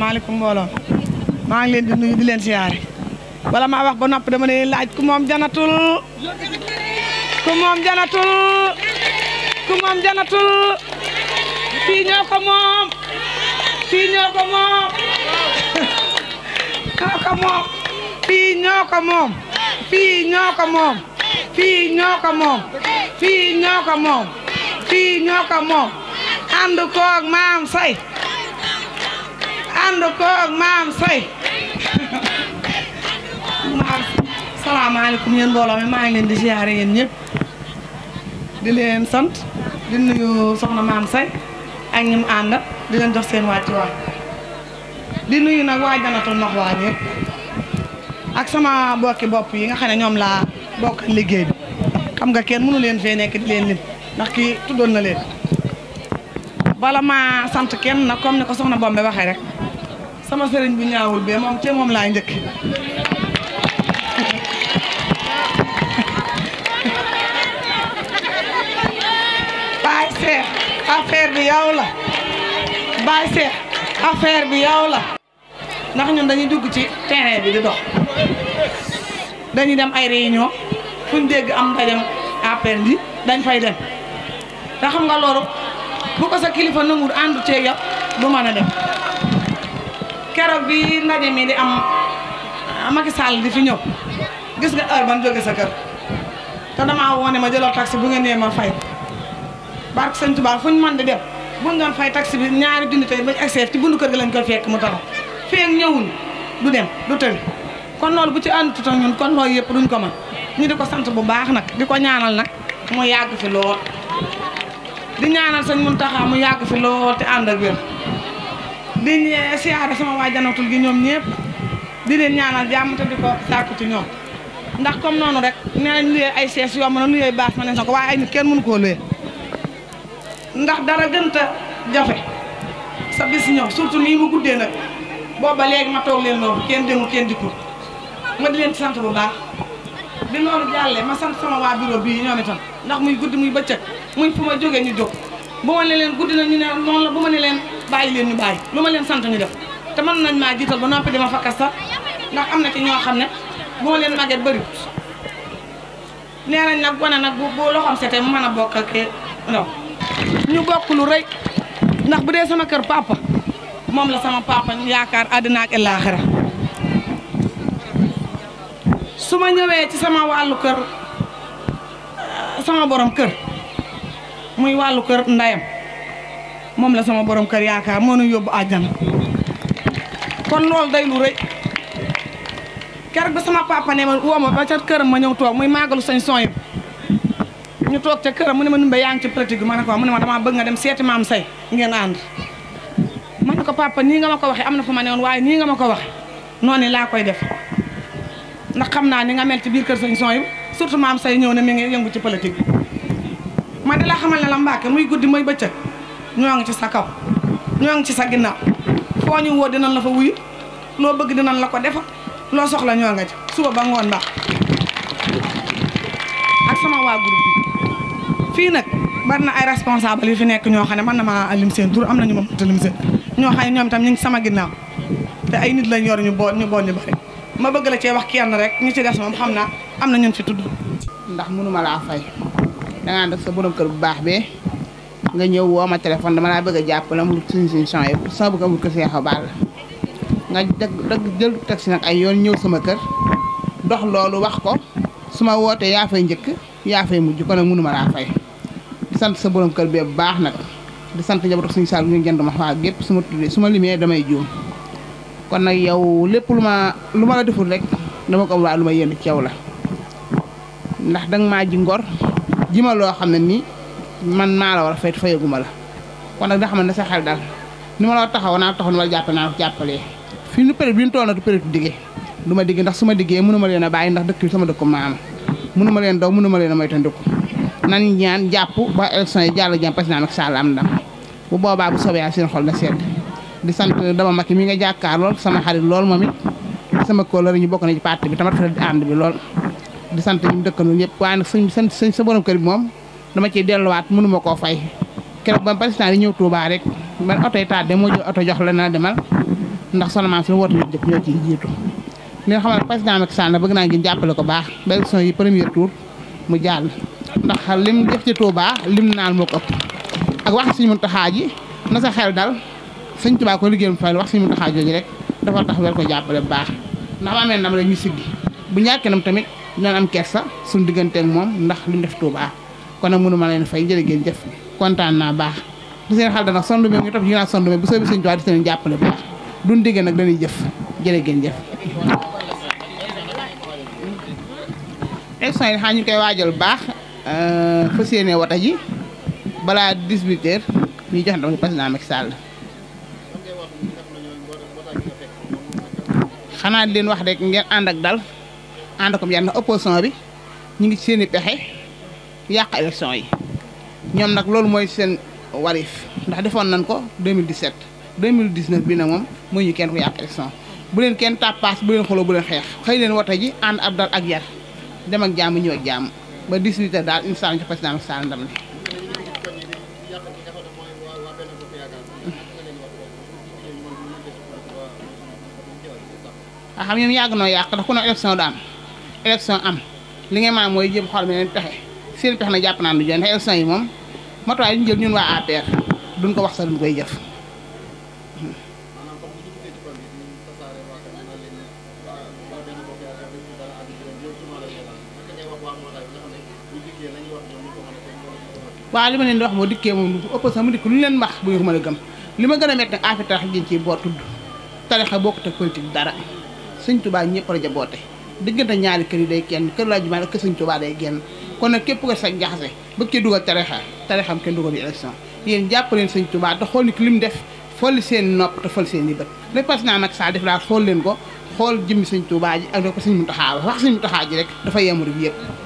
maaleykum mbooloo maa ngi leen di nuyu di leen siyaare bala maa wax ba noppi dama leen laaj ku moom janatul ku ku moom janatul fii ñoo moom fii ñoo fii ñoo ko moom fii ñoo ko moom fii ñoo ko moom fii ñoo ko moom fii ñoo ko moom ànd koog maam say ànd koog maam Sey maam salaamaaleykum yéen mbooloo mi maa ngi leen di ziare yenn ñëpp di leen sant di nuyu soxna maam Sey ak ñi mu di leen jox seen wàccuwaay di nuyu nag waa Jannatul Maxwa yëpp ak sama bokki bopp yi nga xam ne ñoom laa bokk liggéey bi xam nga kenn mënu leen fee nekk di leen lim ndax kii tuddoon na leen bala ma sant kenn na comme ni ko soxna Bombe waxee rek sama sëriñ bu ñaawul bee moom ci moom laay njëkk baay seex affaire bi yaw la baay seex affaire bi yaw la nax ñun dañuy dugg ci terrain bi di dox dañuy dem ay réunion fu ñu dégg am ndajem appel bi dañ fay dem te xam nga loolu bu ko sa kilifa nanguwul àndu ceeg yow du mën a dem keroog bi ndaje mi di am ah, Macky Sall di fi ñëw gis nga heure ban jóge sa kër te damaa woo ne ma jëloo taxi bu ngeen nee ma fay barke sëñ Tuubaa fuñ ñu mën di dem bu ngeen fay taxi ñaari junni tey bañ egseef ci bundu kër gi lañ koy fekk mu taxaw feeg ñëwul du dem du tëbi kon loolu bu ci ànd tuta kon loolu yëpp duñ ko mën ñu di ko sant bu baax nag di ko ñaanal nag mu yàgg fi lool di ñaanal sëñ Muntaxa mu yàgg fi lool te ànd ak wér di siyaare sama waa janatul gi ñoom ñëpp di leen ñaanal jàmm a di ko sàkku ci ñoom ndax comme noonu rek nee nañ luyee ay sees yomb na luyee baas ma ne na ko waaye ay nit kenn mënu koo luyee ndax dara gënta jafe sa bis ñëw surtout nii mu guddee nag booba léegi ma toog leen loolu kenn demul kenn dikkul ma di leen sant bu baax bi loolu jàllee ma sant sama waa bureau bii ñoom itam ndax muy guddi muy bëccëg muy fu ma jógee ñu jóg bu ma ne leen guddi na ñu ne noonu la leen bàyyi leen ñu bàyyi lu ma leen sant ñu def te man nañ maa jiital ba noppi dama fa sax ndax am na ci ñoo xam ne bu ma leen màgget bëri nee nañ nag wane nag bu bu loxoom setee mu mën a bokk ak ñu bokk lu rëy ndax bu dee sama kër papa moom la sama papa yaakaar àddina ak àllaaxira su ma ñëwee ci sama wàllu kër sama borom kër muy wàllu kër ndayam moom la sama borom kër yaakaar moo nu yóbbu àjjana kon loolu day lu rëy keroog bi sama papa ne ma woo ma ba këram ma ñëw toog muy maagalu sañ sooy ñu toog ca këram mu ne ma numbe yaa ngi ci pratique ma ne ko mu ne bëgg nga dem seeti maam say ngeen ànd ma ne ko papa nii nga ma ko waxee am na fu ma ne waaye nii nga ma ko waxee noonu laa koy def ndax xam naa ni nga mel ci biir kër sañ sooy surtout maam say ñëw ne mi ngi yëngu ci politique ma la xamal ne la Mbàkke muy guddi muy bëccëg ñoo ngi ci sa kaw ñoo ngi ci sa ginnaaw foo ñu woo dinañ la fa wuyu loo bëgg dinañ la ko defal loo soxla ñoo nga ci suba ba ngoon baax ak sama waa groupe fii nag bari na ay responsable yu fi nekk ñoo xam ne man na maa lim seen tur am na ñu ma lim seen ñoo xam ne ñoom itam ñu sama ginnaaw te ay nit lañ yor ñu bool ñu bool ñu bari ma bëgg la cee wax ki kenn rek ñi ci des moom xam naa am na ñun fi tudd. ndax mënuma laa fay dangaa def sa borom kër bu baax bi nga ñew wo ma téléphone dama la bëgg japp la mu suñ suñ champs yëpp sama bëgg mu ko seexa bàll nga dëgg dëgg jël taxi nak ay yoon ñew sama kër dox loolu wax ko suma woté ya fay ñëk ya fay mujj kon nag mënuma la fay di sant sa borom kër bi baax nak di sant njabootu suñu sal ñu jënd ma fa gépp suma ma suma limé damay joom kon nak yow lepp luma luma la deful rek dama ko am luma lu ci yow la ndax dang ma ji ngor jima lo loo man maa la war a fay fayaguma la kon nag nga xam ne sa xel dal ni ma la taxaw naa taxaw ni ma la jàppale naa ko jàppalee fii nu période bi ñu toll na du période diggee du ma diggee ndax su ma diggee mënu ma leen a bàyyi ndax dëkk bi sama dëkku maama ma leen daw mënu ma leen a moytandiku nan ñaan jàpp ba élection yi jàll jàmm président Macky Sall am ndam bu boobaa bu soobee seen xol na sedd di sant dama Macky mi nga jàkkaar lool sama xarit lool moom it sama kóolóor ñu bokk na ci parti bi tamat fa ànd bi lool sant ñu dëkkandoo ñëpp waaye sëñ sëñ sa borom kër bi moom dama ci delu wat ma koo fay keroog bam président ni ñëw Touba rek man auto yi demo moo jox la na demal ndax salama fi wot ñu jëpp ñoo ci jitu ñu xamal xam ne président Macky bëgg na ngeen jappal ko baax ba son yi premier tour mu jall ndax lim def ci Touba lim naal moo ko ak wax señ muntaha ji na sa xel dal señ Touba ko liggéeyam fay wax señ muntaha joji rek dafa tax wel ko jàppale bu baax ndax amee ndam lay ñu siggi bu ñàkkee nam tamit dinañ am kersa suñu digganteeg mom ndax lim def Touba kon nag ma len fay jërë gen def contane na bax bu seen xal da sondu sondumee ngi topp ci sondu sondumee bu so bi tubaab di seen jappale bu baax duñ digge nag dañuy def jërë gen def e yi xaa ñu koy waajal baax euh, fas wata ji bala 18 h ñu jox ndam na mak sal xana di len wax rek ngeen ànd ak dal ànd ko mu opposition bi ñi ngi seeni pexé yàq élection yi ñoom nag loolu mooy seen warif ndax defoon nañ ko 2017 2019 bi na moom mooy ñu kenn ku yàq élection bu kenn tàppaas bu leen bu xeex xëy leen wote ji ànd ab dal ak yar dem ak jàmm ñëw jàmm ba 18 daal instant ci président Macky ah, xam ñoom yàgg noo yàq ndax ku ne élection du am élection am li nga maam mooy jéem xool meneen pexe seen pex na jàpp naa lu jëm te élection yi moom matuwaay ñu jël ñun waa APR duñ ko wax sax duñ koy jëf. waaw li ma leen di wax moo dikkee moom opposant mu dikk lu leen wax bu ñu mën a gëm li ma gën a métti nag affaire tarax ci boo tudd tarixa bokkut ak politique dara sëñ tubaa ñëpp la jaboote diggante ñaari kër yi day kenn kër laa jumaa ak kër sëñ tubaa day génn kon nag képp ko sax jaxase ba ke dugal tarixa tarixam kenn dugal yi élection yéen jàpp leen sëñ Tuubaa te xool li mu def folli seen nopp te folli seen i bët le naa nag saa def daal xool leen ko xool jëmmi sëñ Tuubaa ji ak da ko sëñ Muntaxaa wax sëñ Muntaxaa ji rek dafa yemur bi yëpp